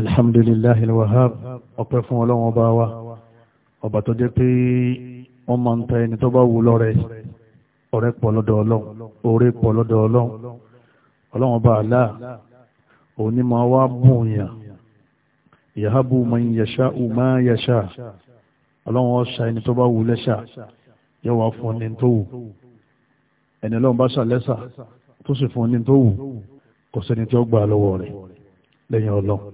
alhamdulillahi alwahab ọpẹ́ fún ọlọ́wọ́n bá wa ọba tó jẹ́ pé wọ́n máa ń ta ẹni tó bá wù lọ́rẹ̀ ọ̀rẹ́ pọ̀ lọ́dọ̀ ọlọ́run oore pọ̀ lọ́dọ̀ ọlọ́run ọlọ́wọ́n bá àlá òun ni máa wá bùn yàn yahabu man yasha'u ma yasha ọlọ́wọ́n ṣa ẹni tó bá wù lẹ́ṣà yóò wá fún ẹni tó wù ẹni ọlọ́run bá ṣà lẹ́ṣà tó sì fún ẹni tó wù kò sẹ́ni tí ó gbà lọ́wọ́ rẹ̀ lẹ́yìn ọlọ́run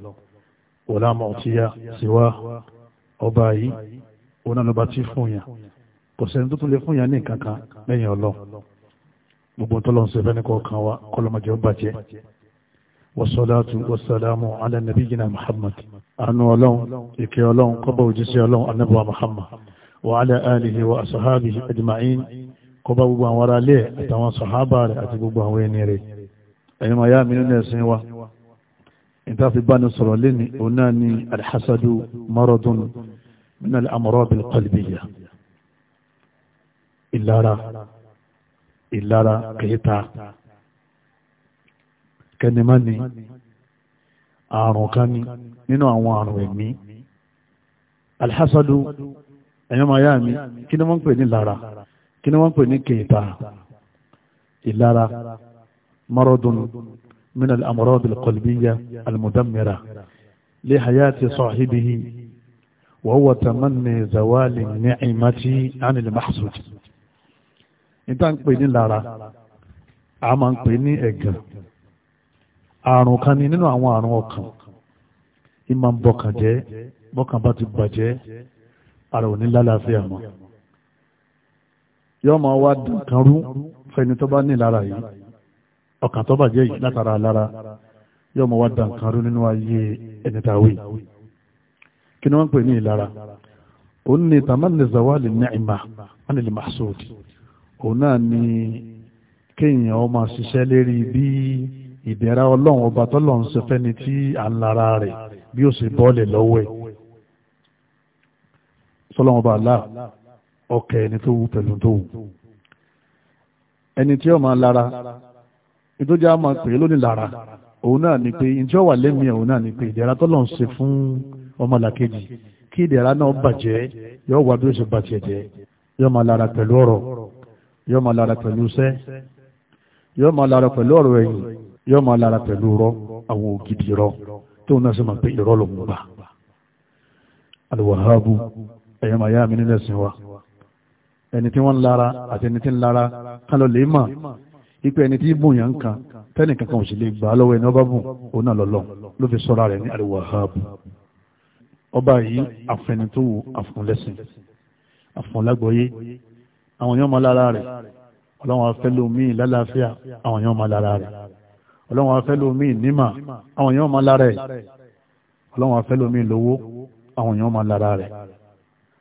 wọ̀lá mọ̀tíyà síwá ọba yìí òun náà lọ́ba tí fún yàn kò sẹ́ni tó tún lè fún yàn ní nǹkan kan lẹ́yìn ọlọ́ gbogbo tọ́lọ́ ń ṣe fẹ́ni kọ̀ọ̀kan wa kọ́lọ́mọjọ́ bàjẹ́ wasalaatu wasalaamu ala nabiyina muhammad anu ọlọ́run ìkẹ́ ọlọ́run kọ́bọ̀ òjíṣẹ́ ọlọ́run anábọ̀ muhammad wa ala alihi wa asahabihi ajma'in kọ́bọ̀ gbogbo àwọn aráalé àtàwọn sahaba rẹ̀ àti gbogbo àwọn ẹni rẹ̀ ẹ̀yìn màá yá mi nínú ẹ̀sìn wa ìtàfi bá ní sọ̀rọ̀ lẹ́ni ọ̀nà ni alhassadu maradun min al'amọ̀rọ̀ bil qalbiya ìlara ìlara kẹta kẹnìmá ni àrùn kan ni nínú àwọn àrùn ẹ̀mí alhassadu ẹ̀yọ́ mi kí ni wọ́n pè ní lara kí ni wọ́n pè ní kẹta ìlara maradun من الأمراض القلبية المدمرة لحياة صاحبه وهو تمني زوال النعمة عن المحسود ìta ń pè ní lára a máa ń pè ní ẹ̀gàn àrùn kan ni nínú àwọn àrùn ọkàn ì máa ń bọkàn jẹ́ bọkàn bá ti bàjẹ́ ara ò ní lálàáfíà mọ́ yọ́ máa wá dùn kan rú fẹ́ni tó bá ní lára yìí ọkàn tó bàjẹ́ yìí látara lára yóò mọ̀ wá dànkarú nínú ayé ẹni tàwé kí ni wọ́n ń pè ní ìlara òun ni tamanni zawali ni'ma anil mahsud òun náà ni kéèyàn ó máa ṣiṣẹ́ lérí bí ìdẹ̀ra ọlọ́run ọba tọ́lọ́run ṣe fẹ́ni tí à ń lara rẹ̀ bí ó ṣe bọ́ọ̀lẹ̀ lọ́wọ́ ẹ̀ sọlọ́run ọba àlá ọkẹ́ ẹni tó wù pẹ̀lú tó wù ẹni tí ó máa lara nítorí a máa pè lónìí lára òun náà ni pé ìjọ wà lẹ́mìí òun náà ni pé ìdẹ̀ra tọ́lọ̀ ń ṣe fún ọmọlàkejì kí ìdẹ̀ra náà bàjẹ́ yọ wà bí ó ṣe bàjẹ́ jẹ́ yọ máa lára pẹ̀lú ọ̀rọ̀ yọ máa lára pẹ̀lú iṣẹ́ yọ máa lára pẹ̀lú ọ̀rọ̀ ẹ̀yìn yọ máa lára pẹ̀lú rọ́ àwọn ògidì rọ tóun náà sì máa pé ìrọ́ lòun gbà alùwàhábù ẹ̀yọ́ mi nílẹ̀ sìn wa ẹni tí wọ́n ń lára àti ẹni tí ń lára kálọ̀ lè mà ipe ẹni tí bùn yàn kan tẹ́nì kankan ò sì lè gbà á lọ́wọ́ ẹni ọba bùn òun náà lọ́lọ́ ló fi sọ́ra rẹ̀ ní al-Wahhab ọba yìí àfẹnitówù àfúnlẹ́sìn àfúnlágbọ́yé àwọn yọ́n máa lára rẹ̀ ọlọ́wọ́n afẹ́lómi lálàáfíà àwọn yọ́n máa lára rẹ̀ ọlọ́wọ́n afẹ́lómi nímà àwọn yọ́n máa lára rẹ̀ ọlọ́wọ́n afẹ́lómi lówó àwọn yọ́n máa lára rẹ̀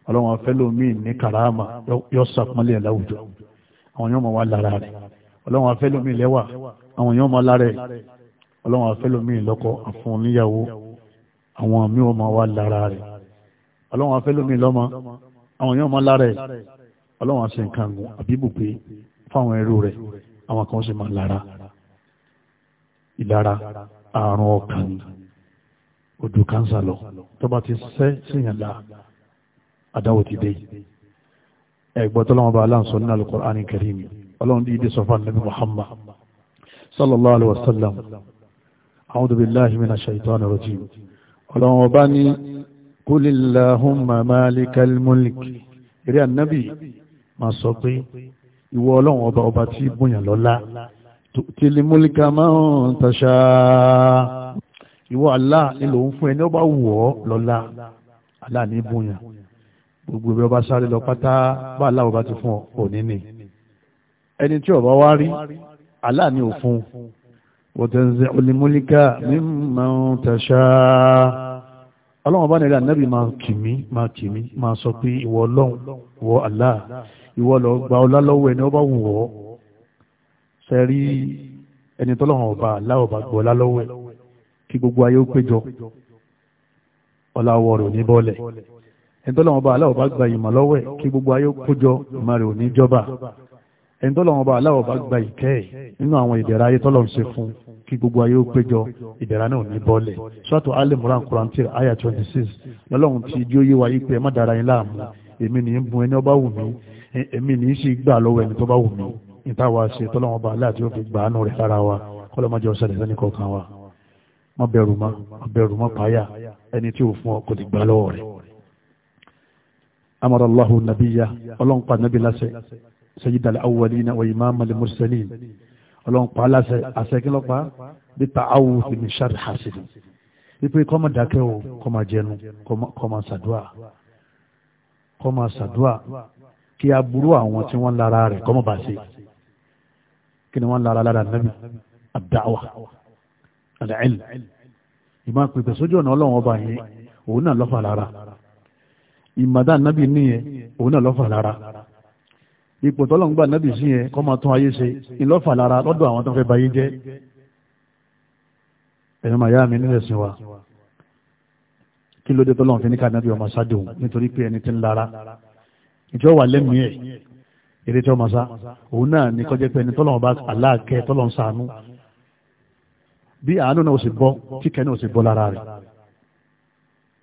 ọlọ́wọ́n afẹ́lómi ní kàráàmà yọ́ sàpọ́nlẹ̀ láwùjọ àwọn yọ́n máa wá lára rẹ̀ ọlọ́run afẹ́lómi lẹ́wà àwọn èèyàn máa lára ẹ̀ ọlọ́run afẹ́lómi lọ́kọ àfún níyàwó àwọn míì ó máa wá lára rẹ̀ ọlọ́run afẹ́lómi lọ́mọ àwọn èèyàn máa lára ẹ̀ ọlọ́run àṣẹ nǹkan àbíbùgbé fáwọn ẹrú rẹ̀ àwọn kan sì máa lára ìlara àrùn ọkàn odò kánsà lọ tó ti sẹ́ síyàn la àdáwò ti dé ẹ̀gbọ́n tọ́lọ́mọba aláǹsọ nínú Al-Qur'ani Karim ọlọ́run dídí sọ fún ànábì Muhammad sallallahu alayhi wa sallam a'udhu billahi minash shaitani rajim ọlọ́run ọba ní kulillahumma malikal mulk eré ànábì máa sọ pé ìwọ ọlọ́run ọba ọba tí bùyàn lọ́lá tìlí múlíkà máa ń tàṣà ìwọ Allah nílò ń fún ẹni ọba wù lọ́lá Allah ní bùyàn gbogbo ẹbí ọba sáré lọ pátá bá Allah ọba ti fún ọ òní ni ẹni tí ọba wá rí aláàní òfun wọ̀tẹ̀ǹzẹ̀ olùmúlíkà mímọ̀ tẹ̀ṣà ọlọ́run bá nílẹ̀ ànábì máa kìmí máa kìmí máa sọ pé ìwọ ọlọ́run wọ Allah ìwọ lọ gba ọlá lọ́wọ́ ẹni ọba wù ọ́ sẹ́rí ẹni tọ́lọ́run ọba Allah ọba gbọ́ ọlá lọ́wọ́ ẹ̀ kí gbogbo ayé ó péjọ ọlá ọwọ́ rẹ̀ ò ní bọ́ọ̀lẹ̀ ẹni tọ́lọ́run ọba Allah ọba gba ìmọ̀ lọ́wọ́ ẹ̀ kí gbogbo ayé ó péjọ ìmọ̀ rẹ̀ ò ní jọba ẹni tó lọ́wọ́ bá aláwọ̀ bá gba ìkẹ́ ẹ̀ nínú àwọn ìdẹ̀ra ayé tọ́lọ̀ ń ṣe fún kí gbogbo ayé ó péjọ ìdẹ̀ra náà ní bọ́ọ̀lẹ̀ ṣọ́tò alimuran kurantir aya twenty six lọ́lọ́run ti jí ó yé wa yí pé ẹ má dára yín láàmú èmi ní ń bun ẹni ọba wù mí èmi ní í ṣe gbà lọ́wọ́ ẹni tó bá wù mí níta ṣe tọ́lọ́wọ́ bá aláàtí ó fi gbà amara Allahu Nabiya, ọlọ́run pa nabi láṣẹ sayyidal awwalina wa imamal mursalin ọlọ́run pa aláṣẹ àṣẹkínlọ́pá bí ta áwù fi mi ṣáàrì hàṣìlì wípé kọ́ máa dákẹ́ o kọ́ máa jẹnu kọ́ máa ṣàdúà kọ́ máa ṣàdúà kí aburú àwọn tí wọ́n lára rẹ̀ kọ́ máa bá ṣe kí ni wọ́n lára lára nàbì àdáwà àdáìl ìmọ̀ pèpè sójú ọ̀nà ọlọ́run ọba yẹn òun náà lọ́fà lára ìmọ̀dá nàbì níyẹn òun náà lọ́fà lára ipò tọ́lọ́ngbà nábì sí yẹn kọ́ máa tún ayé ṣe ìlọ́fà lára lọ́dọ̀ àwọn tó fẹ́ bayé jẹ́ ẹ̀yọ́ màá yá mi nílẹ̀ sí wa kí ló dé tọ́lọ́n fi ní káàdì nábì ọmọ sáájú nítorí pé ẹni tí ń lára ìjọ wà lẹ́mìí ẹ̀ eré tí ọmọ sá òun náà ní kọjá pé ẹni tọ́lọ́n bá aláàkẹ́ tọ́lọ́n sànú bí àánú náà ó sì bọ́ kíkẹ́ náà ó sì bọ́ lára rẹ̀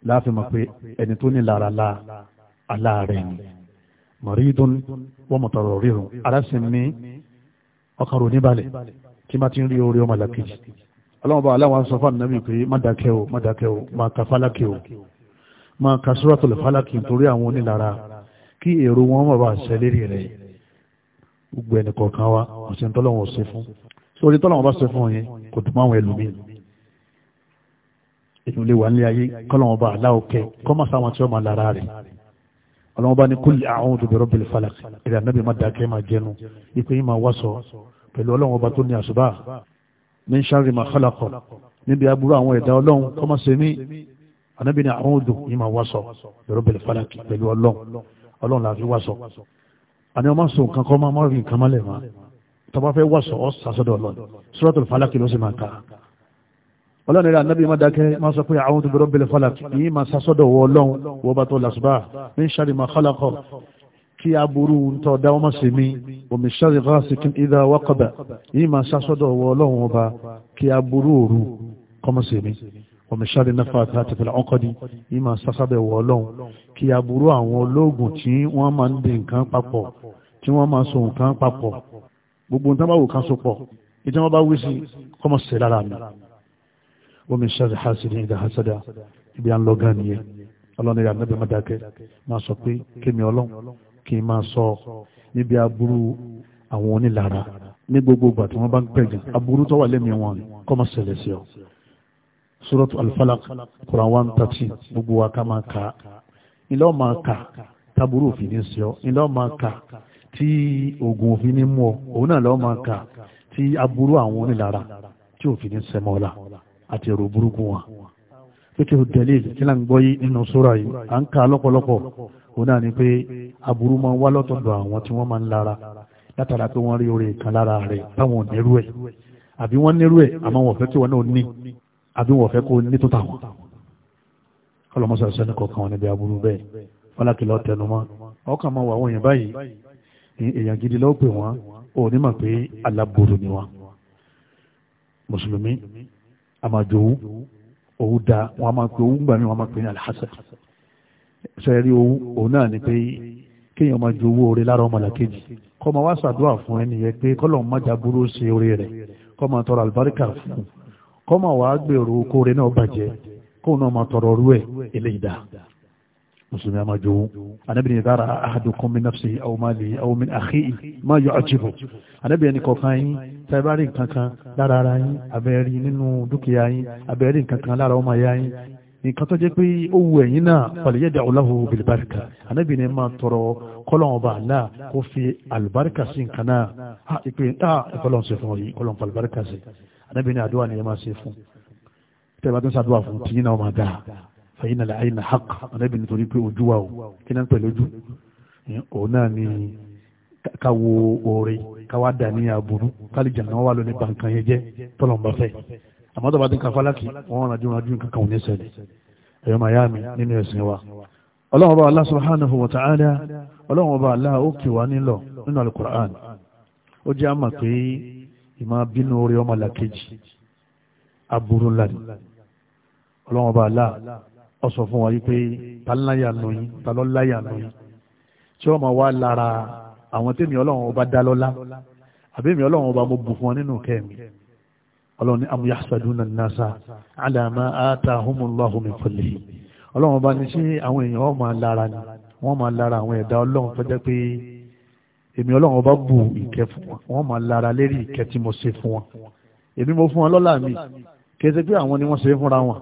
láàfin mọ̀ pé ẹni tó ní lára láà aláàrẹ̀ ni. Maridun wọ́n mọ̀tọ̀rọ̀ rírun aláṣẹ́ni ọkàn rò níbalẹ̀ tí má ti ń rí orí ọmọ làkejì ọlọ́run bá aláwọ̀ sọ fún ànábì pé má dákẹ́ o má dákẹ́ o má ka fálákì o má ka suratul fálákì nítorí àwọn onílára kí èrò wọn má bàa ṣẹlérí rẹ̀ gbogbo ẹnì kọ̀ọ̀kan wa ọ̀sẹ̀ tọ́lọ́wọ̀n ṣe fún sórí tọ́lọ́wọ̀n bá ṣe fún yẹn kò tún máwọn ẹlòmíì ètò wà nílé ayé kọ́lọ́wọ̀n bá aláwọ̀ kẹ́ kọ́ má sáwọn tí wọ́n má lára rẹ̀ ọlọ́wọ́n bá ní kúlì a'udhu bi rabbil falaq ìrìn ànábì má dákẹ́ má jẹnu ipò yìí má wàṣọ pẹ̀lú ọlọ́wọ́n bá tó ní àṣùbà min sharri ma khalaqa níbi aburú àwọn ẹ̀dá ọlọ́run kọ́ máa ṣe mí ànábì ní a'udhu yìí má wàṣọ bi rabbil falaq pẹ̀lú ọlọ́run ọlọ́run làá fi wàṣọ àní ọmọ sọ nǹkan kọ́ ọlọ́run rẹ̀ anábì máa dákẹ́ máa sọ pé a'udhu bi rabbil falaq yìí máa sásọ́dọ̀ wọ ọlọ́run wọ́n bá tó làṣùbà min sharri ma khalaq kí aburú tọ́ dáwọ́ máa ṣe mí omi sharri ghasikin idha waqaba yìí máa sásọ́dọ̀ wọ kí aburú òru kọ́ máa ṣe sásọ́dọ̀ wọ ọlọ́run wọ́n máa ń di nǹkan papọ̀ tí wọ́n máa so nǹkan papọ̀ gbogbo nǹkan bá wò kan so pọ̀ wọ́n mi ṣáàrì hásìdì ìdá hásàdà ibi à ń lọ gan nìyẹn e. ọlọ́run ìyá nàbẹ̀ mọ́dákẹ́ máa sọ pé kémi ọlọ́run kì í máa sọ níbi aburú àwọn onílára ní gbogbo ìgbà tí wọ́n bá ń pẹ̀gàn aburú tó wà lẹ́mìí wọn kọ́ máa ṣẹlẹ̀ sí ọ. suratu alfalak quran one thirteen gbogbo wa ká máa kà á ilé ọ̀ máa kà taburú òfin ní sí ọ ilé ọ̀ máa kà tí oògùn òfin ní mú ọ òun náà lọ́ọ́ máa kà tí aburú àwọn onílára tí òfin ní sẹ́mọ́ ọ̀la àti èrò burúkú wọn pékèrò dalil kí là ń gbọ́ yí nínú sóra yìí à ń ka lọ́pọ̀lọpọ̀ ó náà ni pé aburú máa wá lọ́tọ̀dọ̀ àwọn tí wọ́n máa ń lára látara pé wọ́n rí orí kan lára rẹ̀ táwọn nírú ẹ̀ àbí wọ́n nírú ẹ̀ àmọ́ wọ́n fẹ́ kí wọ́n náà ní àbí wọ́n kó ní tó tàwọn ọlọ́mọsọ sẹ́ni àmàjò owó owó da wọn a máa pe owó gbà wọn máa pe ní alhassan sẹ́rí owó òun náà ni pé kéèyàn máa ju owó orí lára ọmọlàkejì kọ́ máa wá ṣàdúrà fún ẹni yẹn pé kọ́lọ̀ májà burú sí orí rẹ̀ kọ́ máa tọrọ àlùbáríkà fún kọ́ máa wàá gbèrò kóore náà bàjẹ́ kóun náà máa tọrọ rú ẹ̀ eléyìí dáa musulmi ama jowu anabi ni dara ahadukum من نفسه aw malihi aw من akhihi ما يعجبه. anabi ẹni kọ̀ọ̀kan yín tẹbárí nǹkankan lára ara yín abẹẹrí nínú dúkìá yín abẹẹrí nǹkankan lára ọmọ ya yín nǹkan tó jẹ́ pé ó wù ẹ̀yin náà falyad'u lahu bilbarika anabi ni máa tọrọ kọlọmọba àlá kó fi alibarika sí nǹkan náà ha ìpè ha ìkọlọmọ sí fún yìí kọlọmọ alibarika sí anabi àdúrà ni ẹ máa ṣe fún tẹbàtún sàdúrà fún tìyín náà máa dáa fẹ̀yìn nàlẹ́ àyìn haq ànábì nítorí pé ojú wa o kí náà pẹ̀lú ojú òun náà ni ká wo oore ká wá dà ní aburú kálí jàǹdà wọn wà lónìí bàǹkan yẹn jẹ́ tọ́lọ̀mùbá fẹ́ àmọ́ tó bá ti ń ka fálákì wọn ràdí ràdí nǹkan kan ò ní ṣẹlẹ̀ ẹ̀yọ́ miami nínú ẹ̀sìn wa ọlọ́run ọba Allah subhanahu wa ta'ala ọlọ́run ọba Allah ó kì wá nílọ nínú alukur'an ó jẹ́ àmà pé ìmọ̀ bínú orí ọmọ làkejì aburú ńlá ni ọlọ́run ọba Allah ọ sọ fún wa yìí pé ta láyà nù yín ta lọ láyà nù yín tí wọ́n máa wá lára àwọn tèmi ọlọ́run ọba dá lọ́lá àbí èmi ọlọ́run ọba mo bù fún ọ nínú kẹ́mi ọlọ́run ní am yahsaduna an-nasa ala ma atahumullahu min fadlihi ọlọ́run ọba ní sí àwọn èèyàn wọ́n máa lára ni wọ́n máa lára àwọn ẹ̀dá ọlọ́run tó jẹ́ pé èmi ọlọ́run ọba bù ìkẹ́ fún wọn wọ́n máa lára lérí ìkẹ́ tí mo ṣe fún wọn èmi mo fún wọn lọ́lá mi kìí ṣe pé àwọn ni wọ́n ṣe fúnra wọn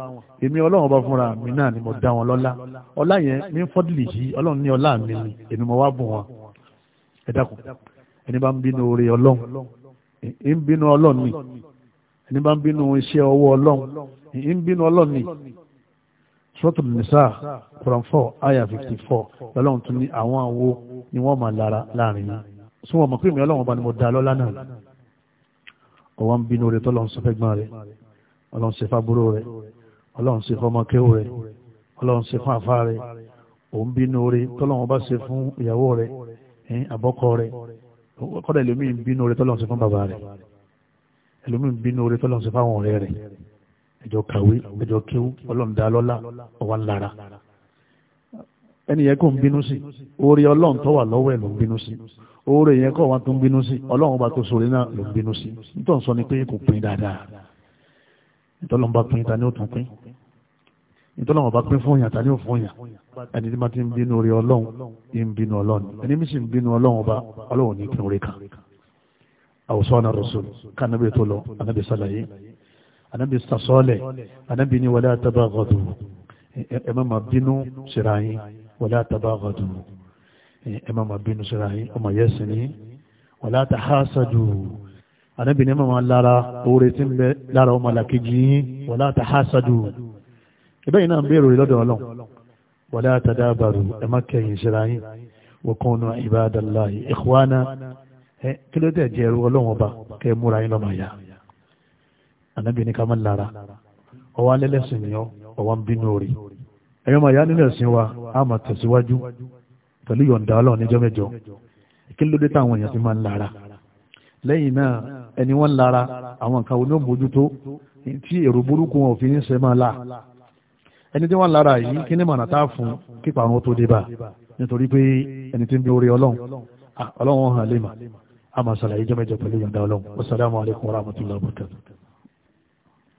èmi ọlọ́run bá fúnra mi náà ni mo dá wọn lọ́lá ọlá yẹn mi ń fọ́dìlì yìí ọlọ́run ní ọlá mi ni èmi mo wá bùn wọn ẹ dákun ẹni bá ń bínú oore ọlọ́run ń bínú ọlọ́run ni ẹni bá ń bínú iṣẹ́ ọwọ́ ọlọ́run ń bínú ọlọ́run ni suratul nisa Quran four aya fifty four ọlọ́run tún ní àwọn àwo ni wọ́n máa lára láàrin yìí sọ wọn mọ̀ pé èmi ọlọ́run bá ni mo dá lọ́lá náà ọwọ́ ń bínú oore tọ́lọ́run sọ fẹ́ gbọ́n rẹ̀ ọlọ́run ṣe fábúrò rẹ̀ ọlọ́run ṣe fọmọ kéwò rẹ̀ ọlọ́run ṣe fún àfa rẹ̀ òun bínú rẹ̀ tọ́lọ́run bá ṣe fún ìyàwó rẹ̀ àbọ́kọ rẹ̀ kọ́dà ẹlòmíì ń bínú rẹ̀ tọ́lọ́run ṣe fún bàbá rẹ̀ ẹlòmíì ń bínú rẹ̀ tọ́lọ́run ṣe fún àwọn ọ̀rẹ́ rẹ̀ ẹjọ́ kàwé ẹjọ́ kéwú ọlọ́run dá lọ́lá ọwà ńlára ẹni yẹn kò ń bínú sí oore ọlọ́run tó wà lọ́wọ́ ẹ̀ ló ń bínú sí oore yẹn kọ́ wa tó ń bínú sí ọlọ́run bá tó sọ̀rọ̀ náà ló ìtọ́lọ́n bá pín ta ni ó tún pín ìtọ́lọ́n bá pín fún yàn ta ni ó fún yàn ẹni tí ma ti ń bínú orí ọlọ́run ti ń bínú ọlọ́run ẹni mi sì ń bínú ọlọ́run ọba ọlọ́run ní ìpín orí kan àwòsàn àròsọ kánábì tó lọ anábì sàlàyé anábì sàsọ́ọ̀lẹ̀ anábì ní wala tabaghadu ẹ má ma bínú síra yín wala tabaghadu ẹ má ma bínú síra yín ọmọ yẹ́sìn wala tahasadu ànábì ní màmá lára oore tí ń bẹ lára ọmọ làkejì yín wala tahasadu ìbẹ́ yìí náà ń bèèrè lọ́dọ̀ ọlọ́run wala tadabaru ẹ má kẹyìn síra yín wa kunu ibadallahi ikhwana ẹ kí ló dẹ̀ jẹ́ ẹrú ọlọ́run ọba kẹ́ múra yín lọ́mọ ya ànábì ní ká má lára ọwọ́ alẹ́lẹ́sìn ni ọwọ́ ń bínú orí ẹ̀yọ́ lẹ́yìn náà ẹni wọ́n lára àwọn nǹkan oní òmójútó tí èrò burúkú wọn òfin ṣe máa la ẹni tí wọ́n lára yìí kí ní mọ̀nà tá a fún kípa àwọn tó dé bá nítorí pé ẹni tí ń bí orí ọlọ́run ah, ọlọ́run hàn lè mà á máa ṣàlàyé jẹ́mẹ́jẹ́ pẹ̀lú yọ̀ǹda ọlọ́run wasalaamu alaykum wa rahmatulahi wa barakatuh.